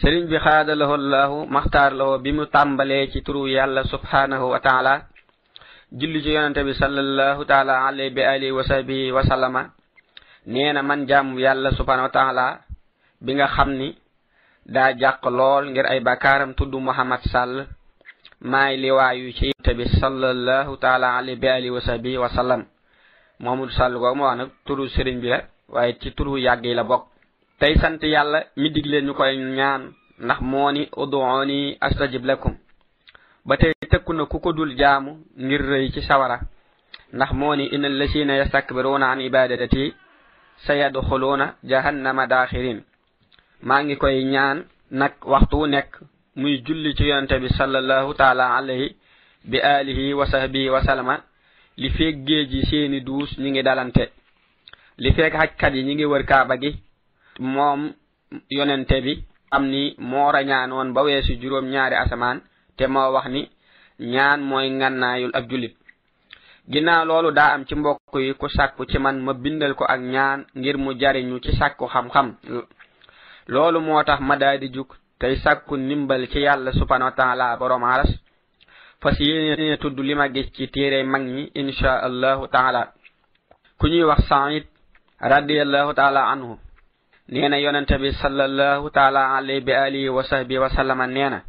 sëriñ bi xaada lahu allahu maxtaar lahu bi mu tàmbalee ci turu yàlla subhanahu wa taala julli ci yonante bi sallallahu taala alayhi bi alihi wa sahbihi wa sallama nee na man jàmm yàlla subhanahu wa taala bi nga xam ni daa jàq lool ngir ay bakaaram tudd muhammad sàll maay liwaayu ci yonante bi sallallahu taala alayhi bi alihi wa sahbihi wa sallam mohamadou sàll googu ma wax nag turu sëriñ bi la waaye ci turu yàgg yi la bokk tey sant yàlla mi dig leen ñu koy ñaan ndax moo ni uduuni astajib lakum ba tey tëkku na ku ko dul jaamu ngir rëy ci sawara ndax moo ni inna lasina yastakbiruuna an ibadati sayadxuluuna jahannama daaxirin maa ngi koy ñaan nag waxtu nekk muy julli ci yonente bi sallallahu taala alayhi bi alihi wa sahbihi wa salama li feeg seeni duus ñi ngi dalante li feeg xajkat yi ñi ngi wër kaaba gi moom yonente bi am ni moo rañaanoon ba weesu juróom ñaari asamaan te moo wax ni ñaan mooy ngànnaayul ab jullit ginnaaw loolu daa am ci mbokk yi ku sàkku ci man ma bindal ko ak ñaan ngir mu jariñu ci sàkku xam-xam loolu moo tax ma daldi jug tey sàkku ndimbal ci yàlla subhanahu wa taala borom aras fas yéene tudd li ma gis ci téere mag ñi insha allahu taala ku ñuy wax saïd radiallahu taala anhu nee na yonent bi sallallahu taala alayhi bi alihi wa sahbi wa sallama nee na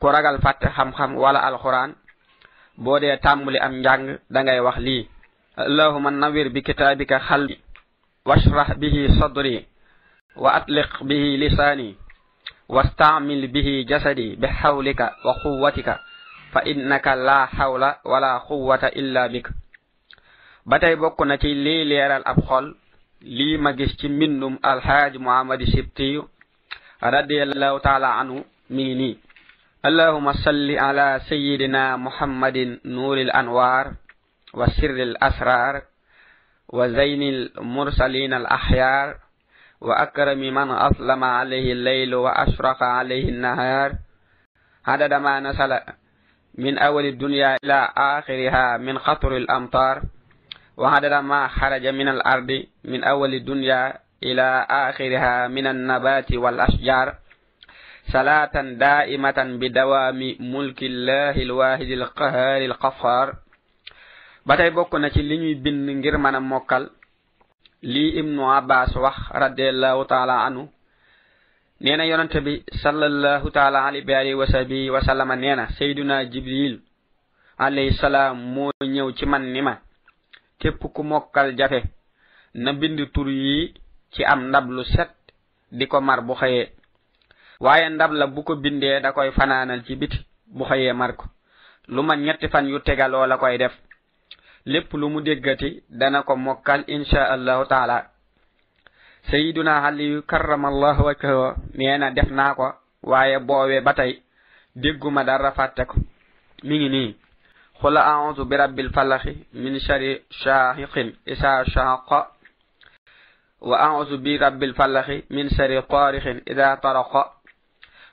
ku ragal fàtte xam-xam wala alquran boo dee tàmbali am njàng da ngay wax lii allahuma nawir bi kitaabika xalbi washrah bihi sadri wa atliq bihi lisaani واستعمل به جسدي بحولك وقوتك فإنك لا حول ولا قوة إلا بك batay bokk na ci lii leeral ab xol لي ma gis ci mbindum alxaaj muhammad sibtiyu radiallahu taala anhu mi اللهم صل على سيدنا محمد نور الأنوار وسر الأسرار وزين المرسلين الأحيار وأكرم من أظلم عليه الليل وأشرق عليه النهار عدد ما نسل من أول الدنيا إلى آخرها من خطر الأمطار وهذا ما خرج من الأرض من أول الدنيا إلى آخرها من النبات والأشجار صلاة دائمة بدوام ملك الله الواحد القهار القفار باتاي بوكنا سي لي نوي بن غير مانا موكال لي ابن عباس وخ رضي الله تعالى عنه نينا يونت بي صلى الله تعالى عليه وسلم وسلم نينا سيدنا جبريل عليه السلام مو نيو سي مان نيما képp ku mokkal jafe na bind tur yi ci am ndab lu set di ko mar bu xëyee waaye ndab la bu ko bindee da koy fanaanal ci biti bu xëyee mar ko lu ma ñetti fan yu tegaloo la koy def lépp lu mu déggati dana ko mokkal insha allahu taala sayiduna aliyu karama allahu wajhahu nee na def naa ko waaye boowee ba tey dégguma dara fàtte ko mi ngi nii قل أعوذ برب الفلق من شر شاهق إذا شاق وأعوذ برب الفلق من شر طارق إذا طرق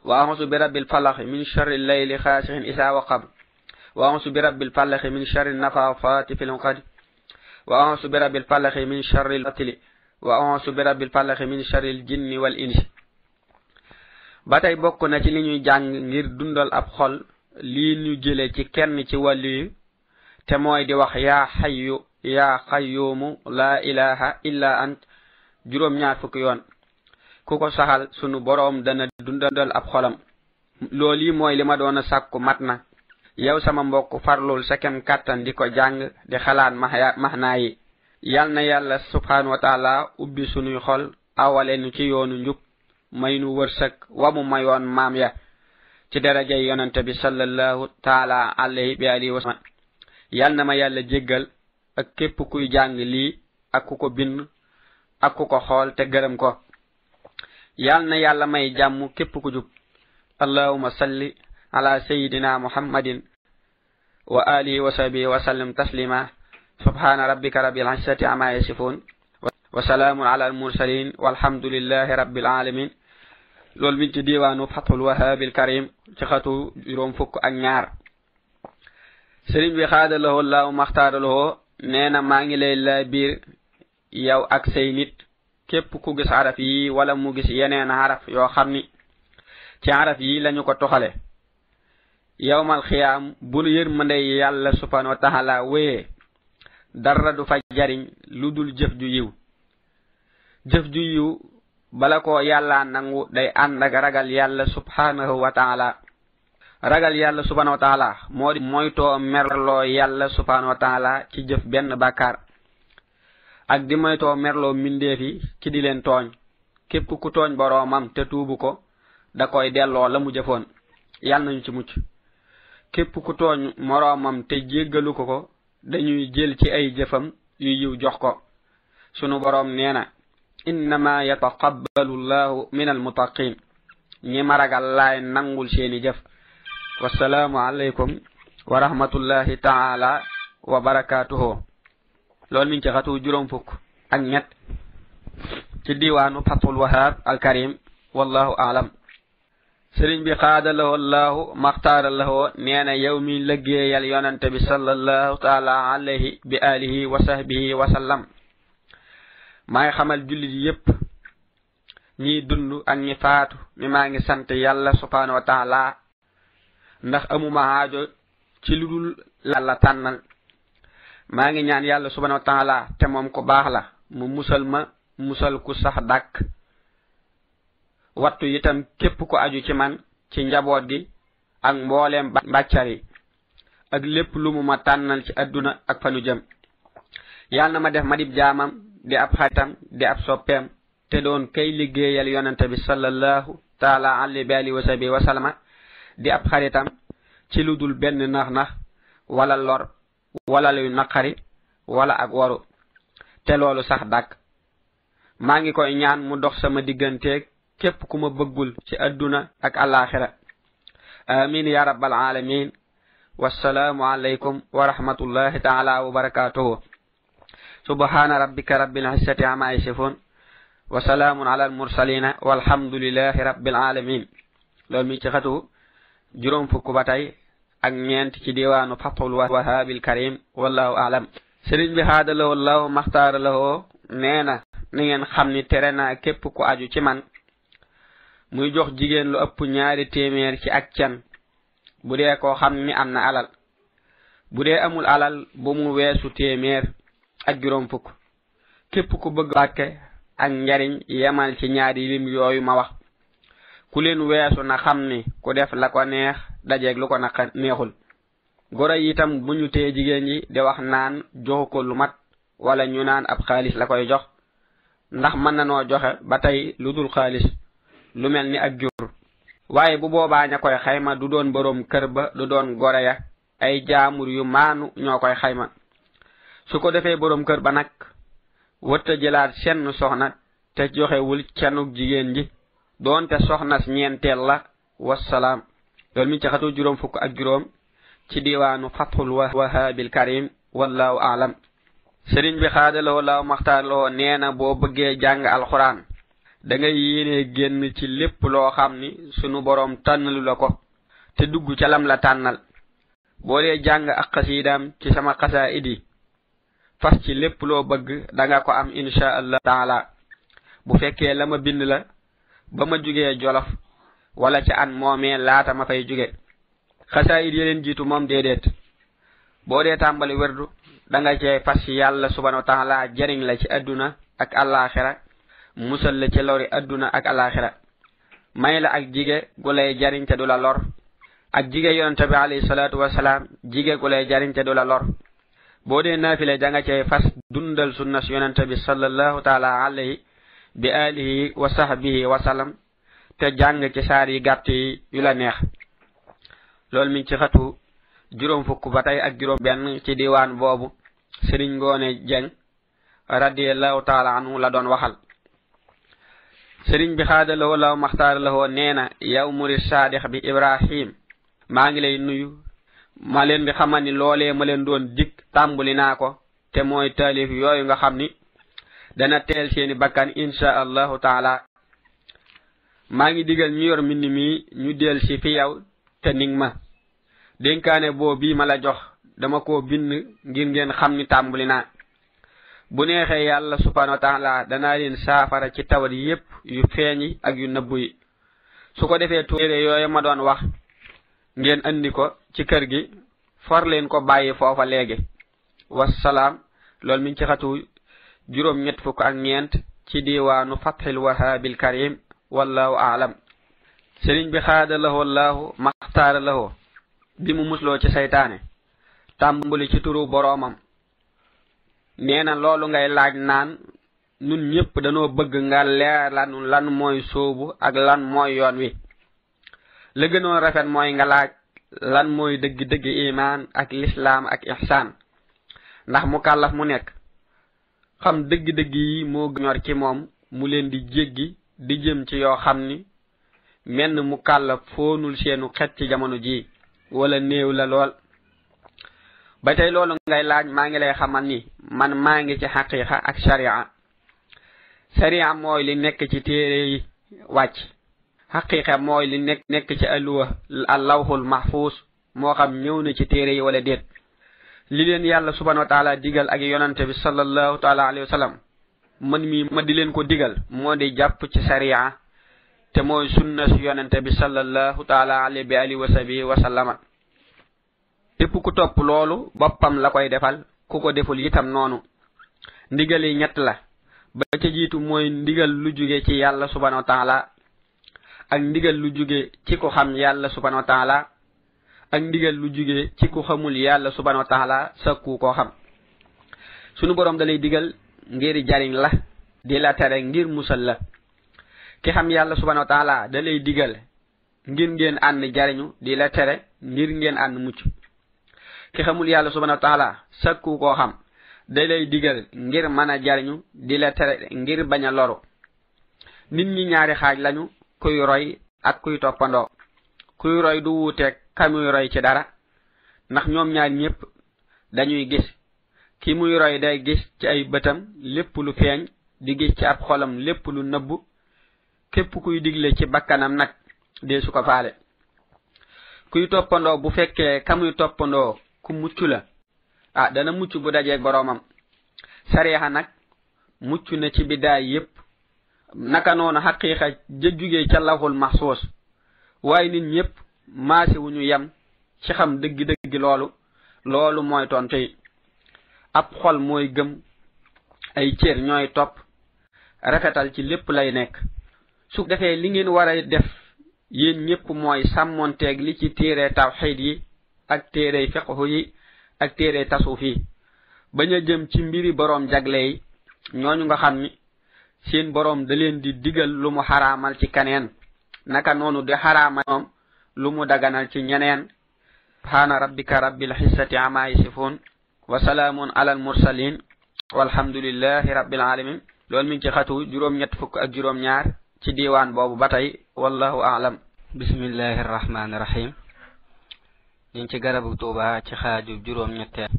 وأعوذ برب الفلق من شر الليل خاسق إذا وقب وأعوذ برب الفلق من شر النفاثات في العقد وأعوذ برب الفلق من شر القتل وأعوذ برب الفلق من شر الجن والإنس باتاي بوكو bokk na ci li ñuy jàng ngir dundal ab lii ñu jële ci kenn ci wàllu te mooy di wax yaa xayu yaa xayuumu laa ilaha illa ant juróom-ñaar fukki yoon ku ko saxal sunu boroom dana dundandal ab xolam loolu yi mooy li ma doon a sàkku mat na yow sama mbokk farlul sa kem kàttan di ko jàng di xalaat maxnaa yi yàl na yàlla subhaanu wa taala ubbi sunuy xol awale nu ci yoonu njub may nu wërsëg wa mu mayoon maam ya ci daraja yonante bi sallallahu taala alayhi bi alihi wasallam yal na ma yàlla jéggal ak képp kuy jàng lii ak ku ko bind ak ku ko xool te gërëm ko yal na yàlla may jàmm képp ku jub allahuma salli ala sayidina muhammadin wa alihi wa sahbihi wa sallim taslima subhana rabbika rabbil izzati amma yasifun wa salamun ala al mursalin walhamdulillahi rabbil alamin loolu mi ci diwaanu fathul wahaabil alkarim ci xatu juróom fukk ak ñaar sëriñ bi xaadalawoo laaw maxtaaralawoo nee na maa ngi lay la biir yow ak say nit képp ku gis xaraf yi wala mu gis yeneen xaraf yoo xam ni ci xaraf yi lañu ko toxale yowmal xiyaam bu yërmande yàlla subhaanahu wa taala wéyee dara du fa jariñ lu dul jëf ju yiw jëf ju yiw bala ko yalla nangu day andak ragal yalla subhanahu wa ta'ala ragal yalla subhanahu wa ta'ala modi moyto merlo yalla subhanahu wa ta'ala ci jëf ben bakar ak di moyto merlo minde fi ci di len togn kep ku togn boromam te tubu ko da koy delo lamu jëfon yalla ñu ci mucc kep ku togn moromam te jéggalu ko ko dañuy jël ci ay jëfam yu yiw jox ko sunu borom neena انما يتقبل الله من المتقين ني مارغا لاي نانغول سيني جف والسلام عليكم ورحمه الله تعالى وبركاته لول نين تي خاتو جوروم فوك اك نيت تي ديوانو فتح الوهاب الكريم والله اعلم سرين بي قاد له الله مختار له نينا يومي لغيال يونت بي صلى الله تعالى عليه باله وصحبه وسلم may xamal jullit yépp ñi dund ak ñi faatu mi maa ngi sant yàlla subhanahu wa taala ndax amuma haajo ci lu dul yàlla tànnal maa ngi ñaan yàlla subhanahu wa taala te moom ko baax la mu musal ma musal ku sax dàkk wattu itam képp ko aju ci man ci njaboot gi ak mbooleem mbàccar yi ak lépp lu mu ma tànnal ci adduna ak fa nu jëm yàlla na ma def madib jaamam di ab xaritam di ab soppeem te doon kay liggéeyal yonente bi sallallahu taala alli bi alihi wa di ab xaritam ci lu dul benn nax-nax wala lor wala luy naqari wala ak waru te loolu sax dàkk maa ngi koy ñaan mu dox sama digganteeg képp ku ma bëggul ci àdduna ak alaxira amin ya rabbal alamin wasalaamu aleykum wa rahmatullahi taala wa barakatuhu subhana rabbika rabbil izzati amma yasifun wa salamun ala al mursalin walhamdulillahi rabbil alamin lol mi ci xatu juroom fukk ba tey ak ñeent ci diwaanu fatul wahabil karim wallahu aalam sëriñ bi xaada lawo law maxtaara lawo nee na ni ngeen xam ni tere naa képp ku aju ci man muy jox jigéen lu ëpp ñaari téeméer ci ak can bu dee koo xam ni am na alal bu dee amul alal bu mu weesu téeméer ak juróom fukk képp ku bëgg bàkke ak njariñ yemal ci ñaari lim yooyu ma wax ku leen weesu na xam ni ku def la ko neex dajeeg lu ko na neexul goro yi itam bu ñu tee jigéen yi di wax naan joxu ko lu mat wala ñu naan ab xaalis la koy jox ndax mën na noo joxe ba tey lu dul xaalis lu mel ni ak jur waaye bu boobaa ña koy xayma du doon boroom kër ba du doon goro ya ay jaamur yu maanu ñoo koy xayma su ko defee borom kër ba nag wëtt jëlaat senn soxna te joxewul cenug jigéen ji doonte soxnas ñeenteel la wassalaam loolu mi ci xatu juróom fukk ak juróom ci diwaanu fathul wahabil karim wallahu aalam sëriñ bi xaadaloo law maxtaarloo nee na boo bëggee jàng alxuraan da ngay yéene génn ci lépp loo xam ni sunu borom tànnalu la ko te dugg ca lam la tànnal boo dee jàng ak xasiidaam ci sama xasaa idi fas ci lépp loo bëgg da nga ko am insha allah taala bu fekkee la ma bind la ba ma jugee jolof wala ca an moomee laata ma fay juge xasaayit yi leen jiitu moom déedéet boo dee tàmbali werdu da nga cee fas yàlla subhanahu taala jariñ la ci adduna ak alaxira musal la ci lori adduna ak alaxira may la ak jige gu lay jariñ te du la lor ak jige yonente bi alayhi salaatu wassalaam jige gu lay jariñ te du la lor boo dee naafile danga cay fas dundal sunnas yonente bi sallallahu taala alayhi bi alihi wa sahbihi wa salam te jàng ci saar yi gàtt yi yu la neex loolu miñ ci xatu juróom fukk ba tey ak juróom benn ci diwaan boobu sëriñ ngoone jeng radiallahu taala anhu la doon waxal sëriñ bi xaadalawo law maxtaar lawoo nee na yow muri saadix bi ibrahim maa ngi lay nuyu ma leen bi xamal ni loolee ma leen doon dikk tàmbali naa ko te mooy taalif yooyu nga xam ni dana teel seeni bakkan insha allahu taala maa ngi digal ñu yor mindi mii ñu deel si fi yow te ning ma dénkaane boo bii ma la jox dama koo bind ngir ngeen xam ni tàmbali naa bu neexee yàlla subhanahu wa taala danaa leen saafara ci tawat yépp yu feeñ ak yu nëbb yi su ko defee tuwéere yooyu ma doon wax ngeen indi ko ci kër gi for leen ko bàyyi foofa léegi wassalaam loolu mi ci xatu juróom ñett fukk ak ñeent ci diiwaanu fathil wahaabil karim wallahu aalam sëriñ bi xaada lahoo maxtaara lahoo bi mu musloo ci seytaane tàmbali ci turu boroomam nee loolu ngay laaj naan nun ñépp danoo bëgg nga leer lan lan mooy sóobu ak lan mooy yoon wi la gënoon rafet mooy nga laaj lan mooy dëgg-dëgg imaan ak lislaam ak ihsaan ndax mu kàllaf mu nekk xam dëgg-dëgg yi moo ñor ci moom mu leen di jéggi di jëm ci yoo xam ni menn mu kàllaf foonul seenu xet ci jamono ji wala néew la lool ba tey loolu ngay laaj maa ngi lay xamal ni man maa ngi ci xaqiiqa ak sharia sharia mooy li nekk ci téere wàcc haqiqa mooy li nek nekk ci aluwa allawhul mahfus moo xam ñëw na ci téere yi wala déet li leen yàlla subhanahu wa taala digal ak yonante bi sallallahu taala alayhi wasallam man mi ma di leen ko digal moo di jàpp ci sharia te mooy sunna su yonante bi sallallahu taala alayhi bi alihi wasabi wa sallama ëpp ku topp loolu boppam la koy defal ku ko deful itam noonu ndigal yi ñett la ba ca jiitu mooy ndigal lu jóge ci yàlla subhanahu wa taala ak ndigal lu jóge ci ko xam yàlla subhanahu wa taala ak ndigal lu jóge ci ku xamul yàlla subhanahu wa taala sa ku ko xam sunu borom dalay digal ngir jariñ la di la tere ngir musal la ki xam yàlla subhanahu wa taala dalay digal ngir ngeen ànd jariñu di la tere ngir ngeen ànd mucc ki xamul yàlla subhanahu wa taala sakku koo xam dalay digal ngir mën a jariñu di la tere ngir bañ a loru nit ñi ñaari xaaj lañu kuy roy ak kuy toppandoo kuy roy du wuuteeg kamuy roy ci dara ndax ñoom ñaar ñépp dañuy gis ki muy roy day gis ci ay bëtam lépp lu feeñ di gis ci ab xolam lépp lu nëbbu képp kuy digle ci bakkanam nag dee su kuy toppandoo bu fekkee kamuy toppandoo ku mucc la a ah, dana mucc bu dajeeg boroomam sariixa nag mucc na ci biddaay yépp naka noonu xaqiiqa ja jugee ca lawhul mahsuus waaye nit ñëpp maase wu ñu yem ci xam dëgg-dëgg loolu loolu mooy tontu yi ab xol mooy gëm ay cër ñooy topp rafetal ci lépp lay nekk su defee li ngeen war a def yéen ñëpp mooy sàmmoonteeg li ci téere tawxiid yi ak téere fiqhu yi ak téere tasuuf yi bañ a jëm ci mbiri boroom jagle yi ñooñu nga xam ni seen boroom da leen di digal lu mu xaraamal ci kaneen naka noonu di xaraamal mu daganal ci ñeneen subhaana rabbika rabbil xissati amaa yasifuun wa salaamun ala al walhamdulillahi rabbil alamin loolu mi ci xatu juróom-ñett fukk ak juróom-ñaar ci diiwaan boobu ba tey wallahu aalam bismillahi arrahmaani rahim ngi ci garabu tuuba ci xaaju juróom-ñetteel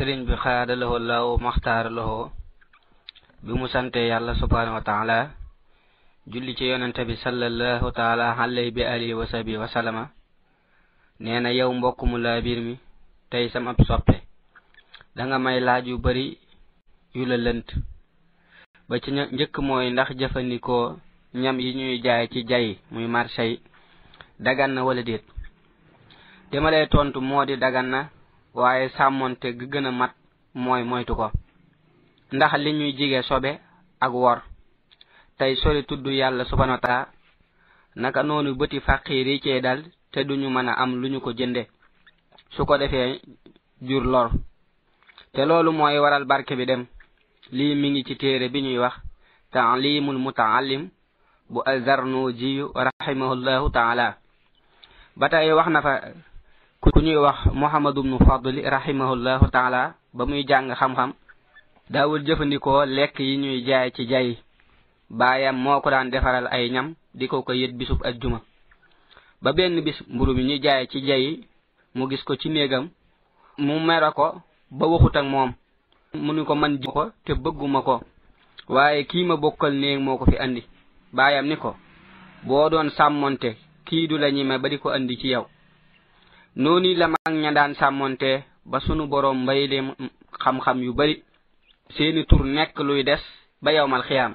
sëriñ bi xayaada la woo laawu maxtaara la woo bi mu santee yàlla subhaanahu wa taala julli ci yonente bi sallallahu taala xalay bi alihi wa sabi wa salama nee na yow mbokk mu laabir mi tey sam ab soppe da nga may laaj yu bëri yu la lënt ba ci njëkk mooy ndax jëfandikoo ñam yi ñuy jaay ci jay muy marché yi dagan na wala déet dama lay tontu moo di dagan na waaye sàmmonte gi gën a mat mooy moytu ko ndax li ñuy jige sobe ak wor tey sori tudd yàlla subhanahu wa taala naka noonu bëti faqir yi cee dal te duñu mën a am lu ñu ko jënde su ko defee jur lor te loolu mooy waral barke bi dem lii mi ngi ci téere bi ñuy wax taalimul mutaallim bu azarnu jiyu rahimahullahu taala ba tey wax na fa ku ñuy wax mohamadu bnu fadli rahimahullahu taala ba muy jàng xam-xam daawul jëfandikoo lekk yi ñuy jaay ci jay baayam moo ko daan defaral ay ñam di ko ko yët bisub ak juma ba benn bis mburu mi ñu jaay ci jay mu gis ko ci néegam mu mera ko ba waxut ak moom mu ni ko man ji ko te bëgguma ko waaye kii ma bokkal néeg moo ko fi andi baayam ni ko boo doon sàmmonte kii du la ñime ba di ko andi ci yow noni la mag ñandaan sàmmonte ba sunu borom mbayleem xam-xam yu bari seeni tur nekk luy des ba yowmal xiyaam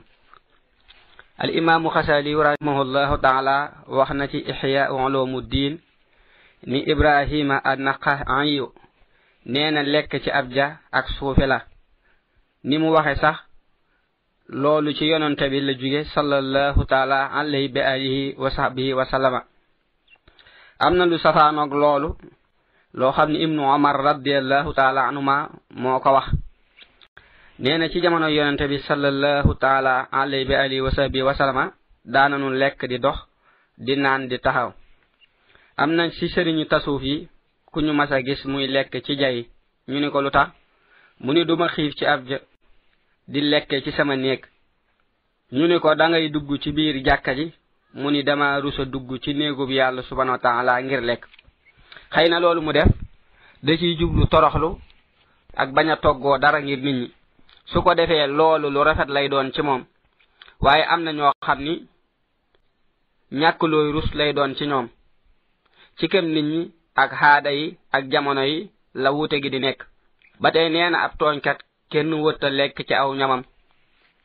al imaamu xasali rahimahullahu taala wax na ci ixya ulumu ddin ni ibrahima annaqa anyo nee na lekk ci ab ja ak suufe la ni mu waxe sax loolu ci yonante bi la juge salallahu taala alayhi bi alihi wa sahbihi wa salama am na lu safaanoog loolu loo xam ne ibnu omar radiallahu taala anhuma moo ko wax nee na ci jamono yonente bi sallallahu taala alayhi bi alihi wa sahbi wasalama daananu lekk di dox di naan di taxaw am na ci sëriñu tasuuf yi ku ñu mas gis muy lekk ci jay ñu ni ko lu tax mu ni duma xiif ci ab ja di lekke ci sama néeg ñu ni ko dangay dugg ci biir jàkka ji mu ni dama rus dugg ci néegub yàlla subhanahu wa taala ngir lekk xëy na loolu mu def da ciy jublu toroxlu ak bañ a toggoo dara ngir nit ñi su ko defee loolu lu rafet lay doon ci moom waaye am na ñoo xam ni ñàkk looy rus lay doon ci ñoom ci kem nit ñi ak xaada yi ak jamono yi la wuute gi di nekk ba tey nee na ab tooñkat kenn wëtta lekk ci aw ñamam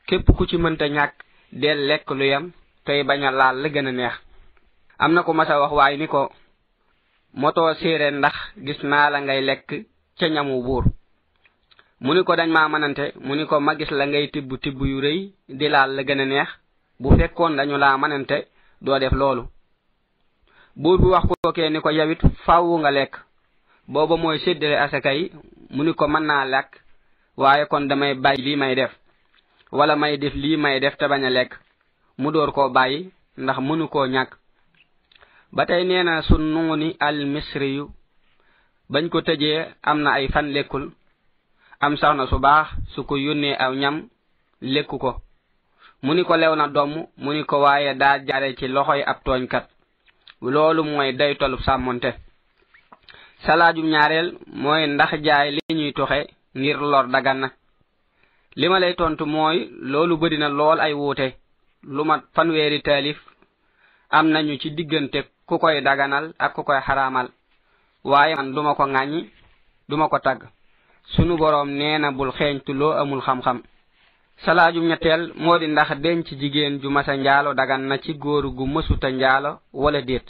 képp ku ci mënta ñàkk del lekk lu yam tey bañ a laal la gën a neex am na ko mas a wax waaye ni ko moto séeréer ndax gis naa la ngay lekk ca ñamu buur mu ni ko dañ maa manante mu ni ko ma gis la ngay tibb tibb yu rëy di laal la gën a neex bu fekkoon dañu laa mënante doo def loolu buur bi wax kookee ni ko yawit fàwwu nga lekk booba mooy séddale asaka yi mu ni ko mën naa lekk waaye kon damay bàyyi lii may def wala may def lii may def te bañ a lekk mu dóor koo bàyyi ndax mënu koo ñàkk ba tey nee na su nuuni al misri yu bañ ko tëjee am na ay fan lekkul am soxna su baax su ko yónnee aw ñam lekku ko mu ni ko lew na doom mu ni ko waaye daa jare ci loxoy ab tooñkat loolu mooy day tolub sàmmonte salaajum ñaareel mooy ndax jaay li ñuy toxe ngir lor dagan na li ma lay tontu mooy loolu bëri na lool ay wuute lu mat fanweeri taalif am nañu ci diggante ku koy daganal ak ku koy xaraamal waaye man duma ko ŋàññi duma ko tagg sunu boroom nee na bul xeeñtu loo amul xam-xam salaajum ñetteel moo di ndax denc jigéen ju masa njaalo dagan na ci góor gu mësuta njaalo wala déet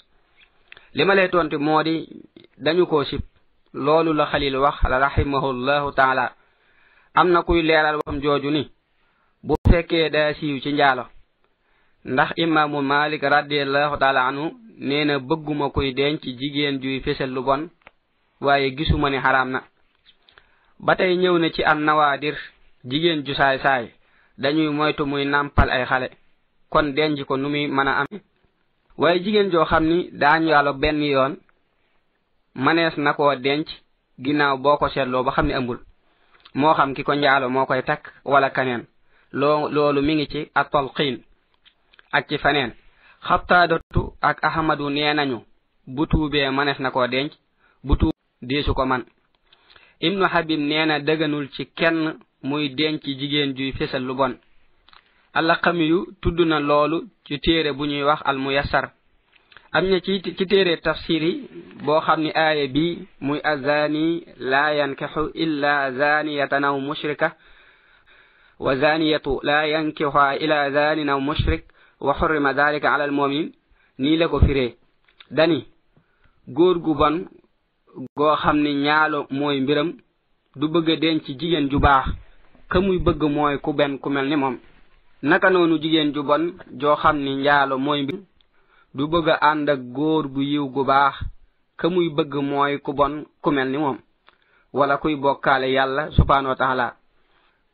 li ma lay tontu moo di dañu ko sib loolu la xalil wax rahimahullahu taala am na kuy leeral waxam jooju ni bu fekkee daa ci njaalo ndax imaamu malik radiallahu taala anhu nee na bëgguma koy denc jigéen juy fésal lu bon waaye gisuma ne xaraam na ba tey ñëw na ci an nawaadir jigéen ju saay saay dañuy moytu muy nàmpal ay xale kon denc ko nu muy mën a amee waaye jigéen joo xam ni daañu yàlla benn yoon manees na koo denc ginnaaw boo ko seetloo ba xam ne ëmbul moo xam ki ko njaalo moo koy takk walla kaneen loo loolu mi ngi ci atolxiin ak ci feneen xattaadatu ak ahmadu nee bu tuube manes na ko denc bu tu desu ko man ibnu habib nee deganul ci kenn muy denc jigen juy fesal lu bon alla yu tudd loolu ci téere bu ñuy wax al muyassar am na ci ci téere tafsiri yi boo xam ni aaya bi muy azani la yankixu illa zaniyatan aw mushrika wa zaniyatu la yankixuha illa zanin aw mushrik wa xurrima daalika alal moomin nii la ko firee dani góor gu bon goo xam ni ñaalo mooy mbiram du bëgg a denc jigéen ju baax ka muy bëgg mooy ku benn ku mel ni moom naka noonu jigéen ju bon joo xam ni njaalo mooy mbiram du bëgg a ànd ak góor gu yiw gu baax ka muy bëgg mooy ku bon ku mel ni moom wala kuy bokkaale yàlla subhaanahu wa taala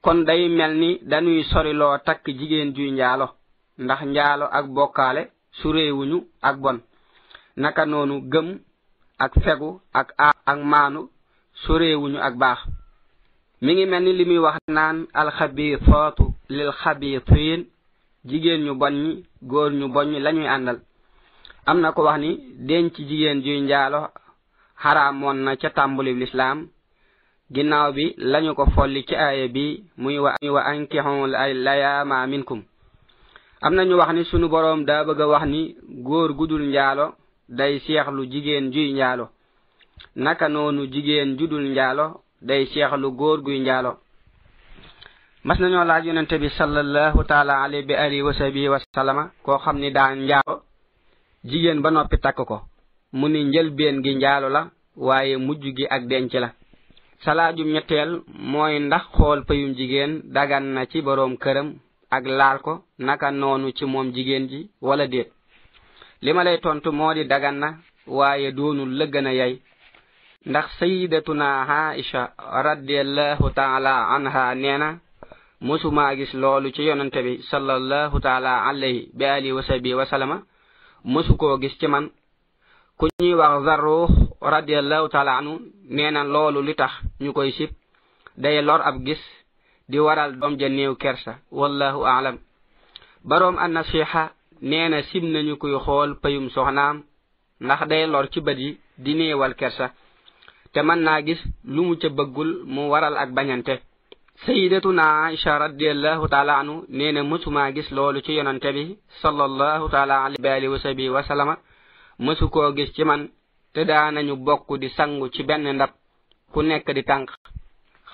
kon day mel ni dañuy soriloo takk jigéen juy njaalo ndax njaalo ak bokkaale suréewuñu ak bon naka noonu gëm ak fegu ak a ak maanu suréewuñu ak baax mu ngi mel ni li muy wax naan alxabisaatu lil xabisiin jigéen ñu bon góor ñu boñ lañuy àndal am na ko wax ni denc jigéen juy njaalo xaraamoon na ca tàmbuli lislaam ginnaaw bi lañu ko folli ci aaya bi muy wax ankixu al ayaama minkum am na ñu wax ni sunu borom daa bëgg a wax ni góor gudul njaalo day seexlu jigéen juy njaalo naka noonu jigéen judul njaalo day seexlu góor guy njaalo mas nañoo laaj yonente bi salallahu taala alay bi alihi wa sahbihi wa sallama koo xam ni daa njaalo jigéen ba noppi takk ko mu ni njëlbeen gi njaalo la waaye mujj gi ak denc la salaajum ñetteel mooy ndax xool payum jigéen dagan na ci boroom këram ak laal ko naka noonu ci moom jigéen ji wala déet li ma lay tontu moo di dagan na waaye doonu lëggana yay ndax sayidatuna aisha radiallahu taala anha nee na musumaa gis loolu ci yonante bi salallahu taala alayhi bi alihi wa sahbihi wa salama musu koo gis ci man ku ñuy wax zarruux radiallahu taala anu nee na loolu li tax ñu koy sib day lor ab gis di waral doom ja néew kersa wallahu aalam baroom annasiha nee na sim nañu koy xool payum soxnaam ndax day lor ci bët yi di néewal kersa te mën naa gis lu mu ca bëggul mu waral ak bañante sayidatuna na radiallahu taala anhu nee na mësumaa gis loolu ci yonante bi sallallahu taala alayhi wa mësu koo gis ci man te daanañu bokk di sangu ci benn ndab ku nekk di tànk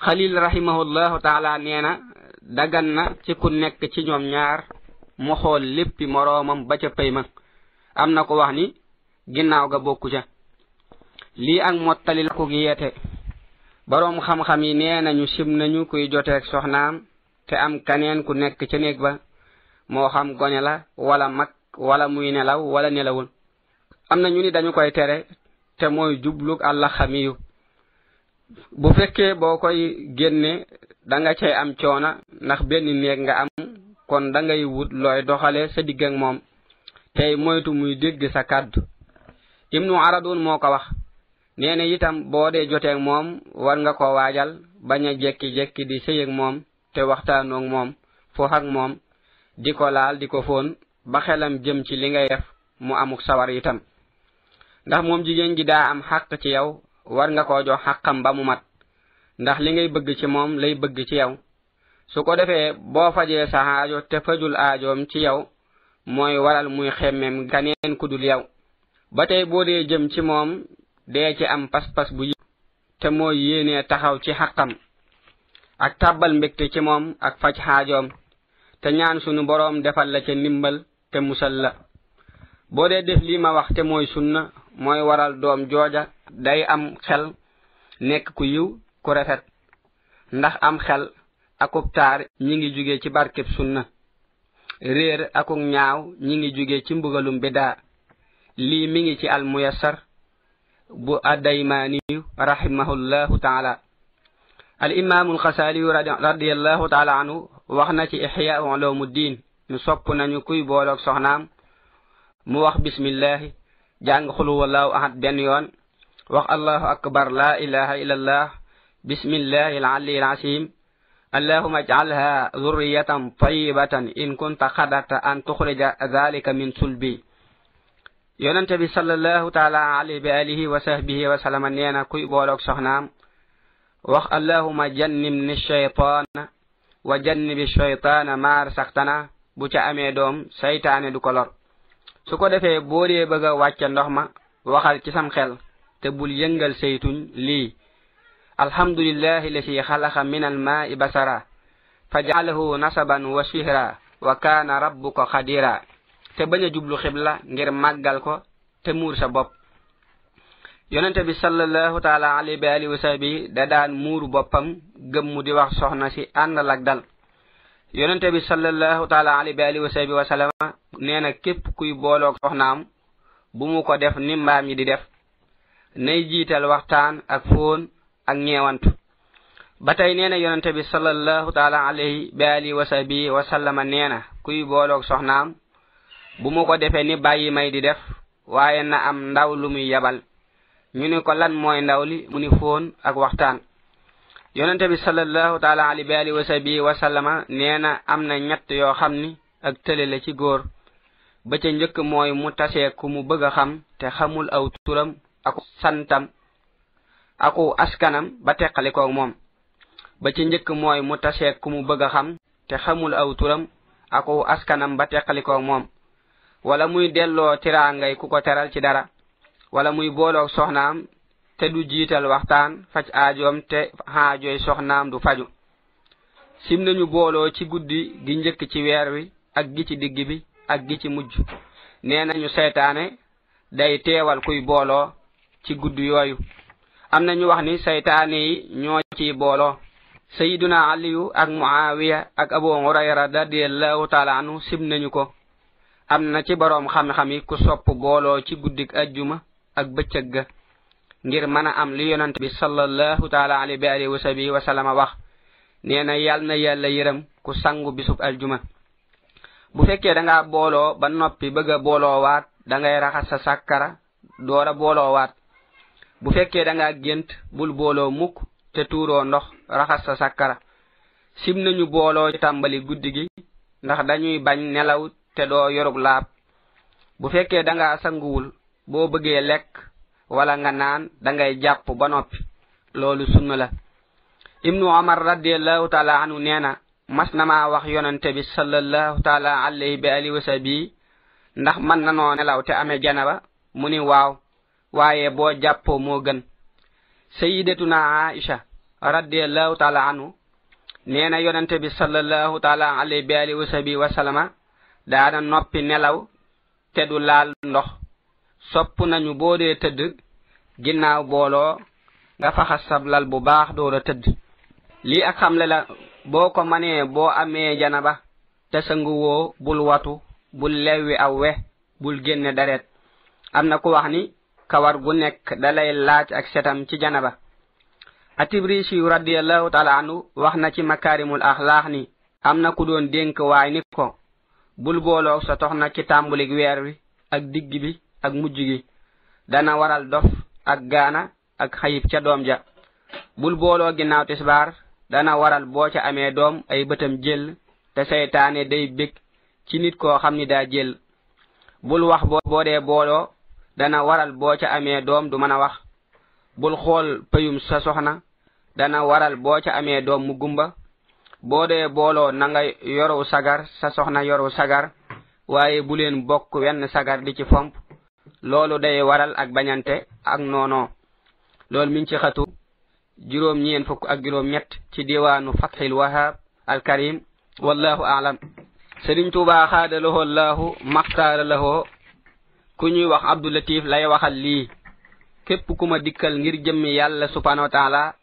xalil rahimahullahu taala nee na dagan na ci ku nekk ci ñoom ñaar mu xool léppi moroomam ba ca pay ma am na ko wax ni ginnaaw ga bokku ca lii ak mottalil ku gi yete boroom xam-xam yi nee nañu sim nañu kuy joteeg soxnaam te am kaneen ku nekk ca néeg ba moo xam gone la wala mag wala muy nelaw wala nelawul am na ñu ni dañu koy tere te mooy jubluk àlla xamiyu bu fekkee boo koy génnee da nga cay am coona ndax benn néeg nga am kon da ngay wut looy doxale sa digg moom tey moytu muy dégg sa kàddu ibnu aradun moo ko wax nee na itam boo dee joteeg moom war nga ko waajal bañ a jekki-jekki di sëyeg moom te waxtaanoog moom foox ak moom di ko laal di ko fóon ba xelam jëm ci li ngay def mu amuk sawar itam ndax moom jigéen gi daa am xàq ci yow war nga koo jox xaqam ba mu mat ndax li ngay bëgg ci moom lay bëgg ci yow su ko defee boo fajee sa aajo te fajul aajoom ci yow mooy waral muy xemmem ganeen ku dul yow ba tey boo dee jëm ci moom dee ci am pas-pas bu yéenee taxaw ci xaqam ak tàbbal mbégte ci moom ak faj xaajoom te ñaan sunu boroom defal la ca ndimbal te musal la boo dee def lii ma wax te mooy sunna mooy waral doom jooja day am xel nekk ku yiw ku rafet ndax am xel akub ñi ngi jóge ci barkeb sunna réer akuk ñaaw ñi ngi jóge ci mbugalum bidaa lii mi ngi ci al muyassar bu addaymaaniyu rahimahullahu taala al imaamul xasaaliyu radiallahu taala anhu wax na ci ixyaa diin ñu sopp nañu kuy booloog soxnaam mu wax bismillahi jàng xul wallahu ahad benn الله wax لا akbar la ilaha illallah الله العلي alazim اللهم اجعلها ذرية طيبة إن كنت قدرت أن تخرج ذلك من سلبي يونت بي صلى الله تعالى عليه بآله وصحبه وسلم نينا كوي بولوك سخنام وخ اللهم جنبني الشيطان وجنب الشيطان ما رسختنا بوتا أمي دوم سيتاني دو كولور su ko defee boo dee bëgg wàcce ndox ma waxal ci sam xel te bul yëngal saytuñ lii alhamdulillahi la si xalaxa min almaai basara fa jaalahu nasaban wa sihra wa kaana rabbuka xadira te bañ a jublu xibla ngir màggal ko te muur sa bopp yonente bi sallallahu taala alayhi wa alihi wa da daan muuru boppam gëmmu di wax soxna si àndal ak dal yonente bi sallallahu taala alayhi wa alihi wa sahbihi sallama nee na képp kuy booloog soxnaam bu mu ko def ni mbaam yi di def nay jiital waxtaan ak fóon ak ñeewantu ba tey nee na yonente bi sallallahu taala alayhi wa alihi sallama nee na kuy booloog soxnaam bu mu ko defee ni bàyyi may di def waaye na am ndaw lu muy yabal ñu ni ko lan mooy ndaw mu ni fóon ak waxtaan yonente bi sallallahu taala ali bi ali wa wa sallama nee na am na ñett yoo xam ni ak tële la ci góor ba ca njëkk mooy mu tasee ku mu bëgg a xam te xamul aw turam aku santam aku askanam ba teqalikoog moom ba ca njëkk mooy mu tasee ku mu bëgg a xam te xamul aw turam aku askanam ba teqalikoog moom wala muy delloo tiraangay ku ko teral ci dara wala muy booloog soxnaam te du jiital waxtaan faj aajoom te haajoy soxnaam du faju sim nañu booloo ci guddi gi njëkk ci weer wi ak gi ci digg bi ak gi ci mujj nee nañu seytaane day teewal kuy booloo ci gudd yooyu am na ñu wax ni seytaane yi ñoo ci booloo sayiduna aliyu ak muawiya ak abu hurayra radiallahu taala anu sim nañu ko am na ci boroom xam-xam yi ku sopp booloo ci guddik ajjuma ak bëccëg ga ngir mën a am li yonent bi sallallahu taala alayhi bi alihi wa sahbihi wa sallama wax nee na yàll na yàlla yërëm ku sangu bisub aljuma bu fekkee danga booloo ba noppi bëgg a booloowaat dangay raxas sa sàkkara doora a booloowaat bu fekkee danga gént bul booloo mukk te tuuroo ndox raxas sa sàkkara sim nañu booloo ci tàmbali guddi gi ndax dañuy bañ nelaw te doo yorug laab bu fekkee danga sanguwul boo bëggee lekk wala nga naan dangay jàpp ba noppi loolu sunna la ibnu omar radiallahu taala anhu nee na mas na maa wax yonante bi sallallahu taala alayhi bi ndax mën na noo nelaw te amee janaba mu ni waaw waaye boo jàppoo moo gën sayidatuna aisha radiallahu taala anhu nee na yonante bi sallallahu taala alayhi bi ali wasa bi wasalama daana noppi nelaw te du laal ndox sopp nañu boo dee tëdd ginnaaw booloo nga faxas sab lal bu baax door tëdd lii ak xamle la boo ko manee boo amee jana ba te sanguwoo bul watu bul lewwi aw we bul génne deret am na ku wax ni kawar gu nekk dalay laaj ak setam ci jana janaba atibriisiyu radiallahu taala anhu wax na ci makaarimul laax ni am na ku doon dénk waay ni ko bul booloo sa toxna ci tàmbulig weer wi ak digg bi ak mujj gi dana waral dof ak gaana ak xayib ca doom ja bul booloo ginnaaw tisbaar dana waral boo ca amee doom ay bëtam jël te seytaane day bég ci nit koo xam ni daa jël bul wax boo dee booloo dana waral boo ca amee doom du mën a wax bul xool payum sa soxna dana waral boo ca amee doom mu gumba boo dee booloo na nga yoru sagar sa soxna yoru sagar waaye bu leen bokk wenn sagar di ci fomp loolu day waral ak bañante ak noonoo loolu miñ ci xatu juróom ñeen fukk ak juróom ñett ci diwaanu fathil wahab al karim wallahu aalam sëriñ tuubaa xaada laho llahu maxtaara laho ku ñuy wax abdulatif lay waxal lii képp ku ma dikkal ngir jëmmi yàlla subhanahu wa taala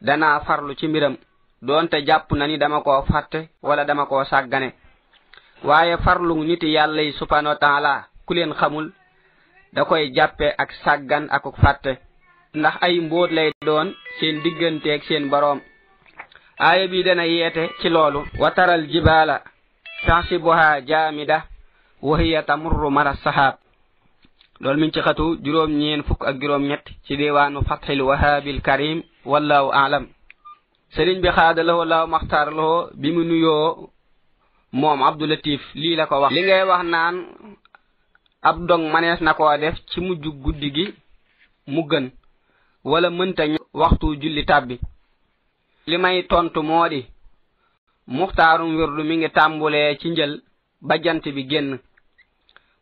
danaa farlu ci mbiram doonte jàpp na ni dama koo fàtte wala dama koo sàggane waaye farlu niti yàlla yi subhanahu wa taala ku leen xamul da koy jàppe ak sàggan akuk fàtte ndax ay mbóot lay doon seen digganteeg seen boroom aaya bi dana yeete ci loolu wataral jibaala tahsibuha jaamida wa hiya tamurru mara sahaab loolu min ci xatu juróom ñeen fukk ak juróom ñett ci diwaanu fathil wahaabil karim wallahu aalam sëriñ bi xaada lawoo laaw maxtaar lawoo bi mu nuyoo moom abdulatif lii la ko wax li ngay wax naan ab dog manees na koo def ci mujj guddi gi mu gën wala mënta waxtu julli tàbbi li may tontu moo di muxtaarum wirdu mi ngi tàmbulee ci njël ba jant bi génn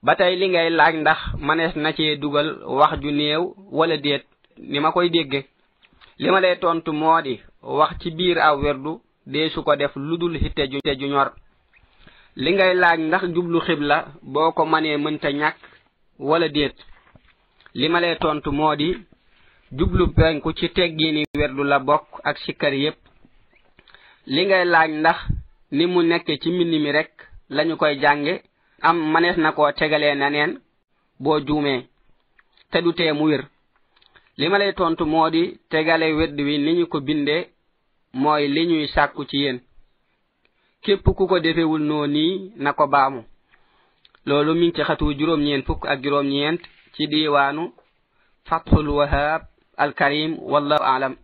ba tey li ngay laaj ndax manees na cee dugal wax ju néew wala déet ni ma koy dégge li ma lay tontu moo di wax ci biir aw wirdu dee su ko def ludul xitte ju ñor li ngay laaj ndax jublu xibla boo ko manee mënta ñàkk wala déet li ma lay tontu moo di jublu penku ci teggini werdu la bokk ak sikkar yépp li ngay laaj ndax ni mu nekkee ci minni mi rek lañu koy jànge am manees na koo tegalee neneen boo juumee te du tee mu wér li ma lay tontu moo di tegale wedd wi ni ñu ko bindee mooy li ñuy sàkku ci yéen képp ku ko defewul noonu na ko baamu loolu mi ngi ci xatu juróom-ñeent fukk ak juróom-ñeent ci diiwaanu fatxul wahaab alkarim wallahu alam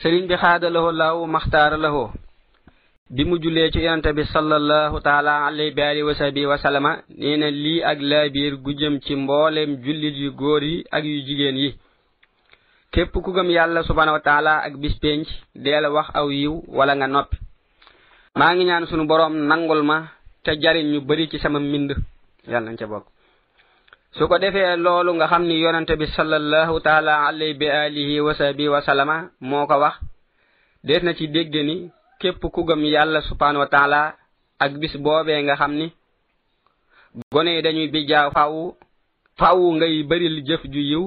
sëriñ bi xaadalahoo laaw maxtaara lahoo bi mu jullee ci yonante bi sallallahu taala alayhi bi alihi wa sahbi nee na lii ak laabiir gu jëm ci mbooleem jullit yu góor yi ak yu jigéen yi képp ku gëm yàlla subhaanahu wa ak bis pénc wax aw yiw wala nga noppi maa ngi ñaan sunu borom nangul ma te jariñ ñu bari ci sama mbind yàlla nañ ca bokk su ko defee loolu nga xam ni yonente bi sallallahu taala alay bi alihi wa sahbi wa salama moo ko wax def na ci dégge ni képp ku gëm yàlla subhanahu wa taala ak bis boobee nga xam ni gone dañuy bijjaaw faw faw ngay bëril jëf ju yiw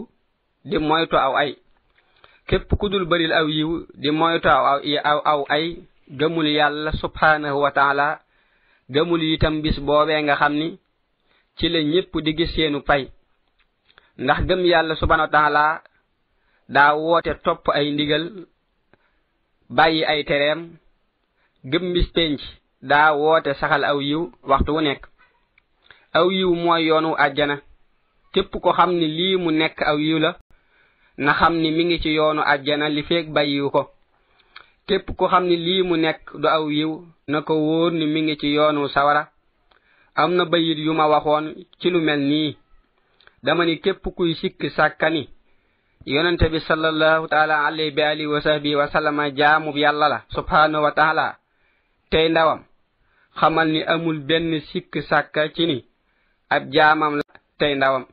di moytu aw ay képp ku dul bëril aw yiw di moytu aw aw aw ay gëmul yàlla subhaanahu wa taala gëmul itam bis boobee nga xam ni ci la ñépp di gis seenu pay ndax gëm yàlla subhaanahu wa taala daa woote topp ay ndigal bàyyi ay tereem gëm bis pénc daa woote saxal aw yiw waxtu wu nekk aw yiw mooy yoonu àjjana tépp ko xam ni lii mu nekk aw yiw la na xam ni mi ngi ci yoonu àjjana li feeg bàyyiwu ko képp ku xam ni lii mu nekk du aw yiw na ko wóor ni mi ngi ci yoonu sawara am na bayit yu ma waxoon ci lu mel nii dama ni képp kuy sikk sàkkani yonente bi sallallahu taala alayhi bi alihi wa sahbihi jaamub yàlla la subhaanahu tey ndawam xamal ni amul benn sikk sàkka ci ni ab jaamam la tey ndawam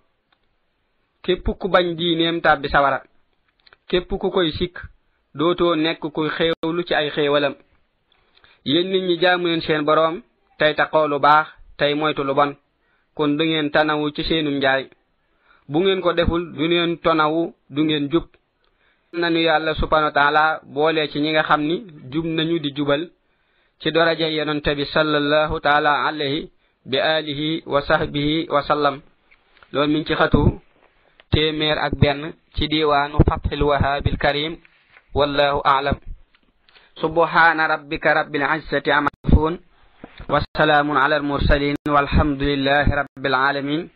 képp ku bañ diineem tàbbi sawara képp ku koy sikk dootoo nekk kuy xéewlu ci ay xéewalam yéen nit ñi jaamu leen seen boroom tey taqoo lu baax tey moytu lu bon kon du ngeen tanawu ci seenum njaay bu ngeen ko deful du ngeen tonawu du ngeen jub nanu yàlla subhanahu wa taala boole ci ñi nga xam ni jub nañu di jubal ci daraja yonente bi sallallahu taala alayhi bi alihi wa sahbihi wa sallam loolu mi ci xatu téeméer ak benn ci diiwaanu fathil wahaabil karim والله أعلم سبحان ربك رب العزة عما يصفون وسلام على المرسلين والحمد لله رب العالمين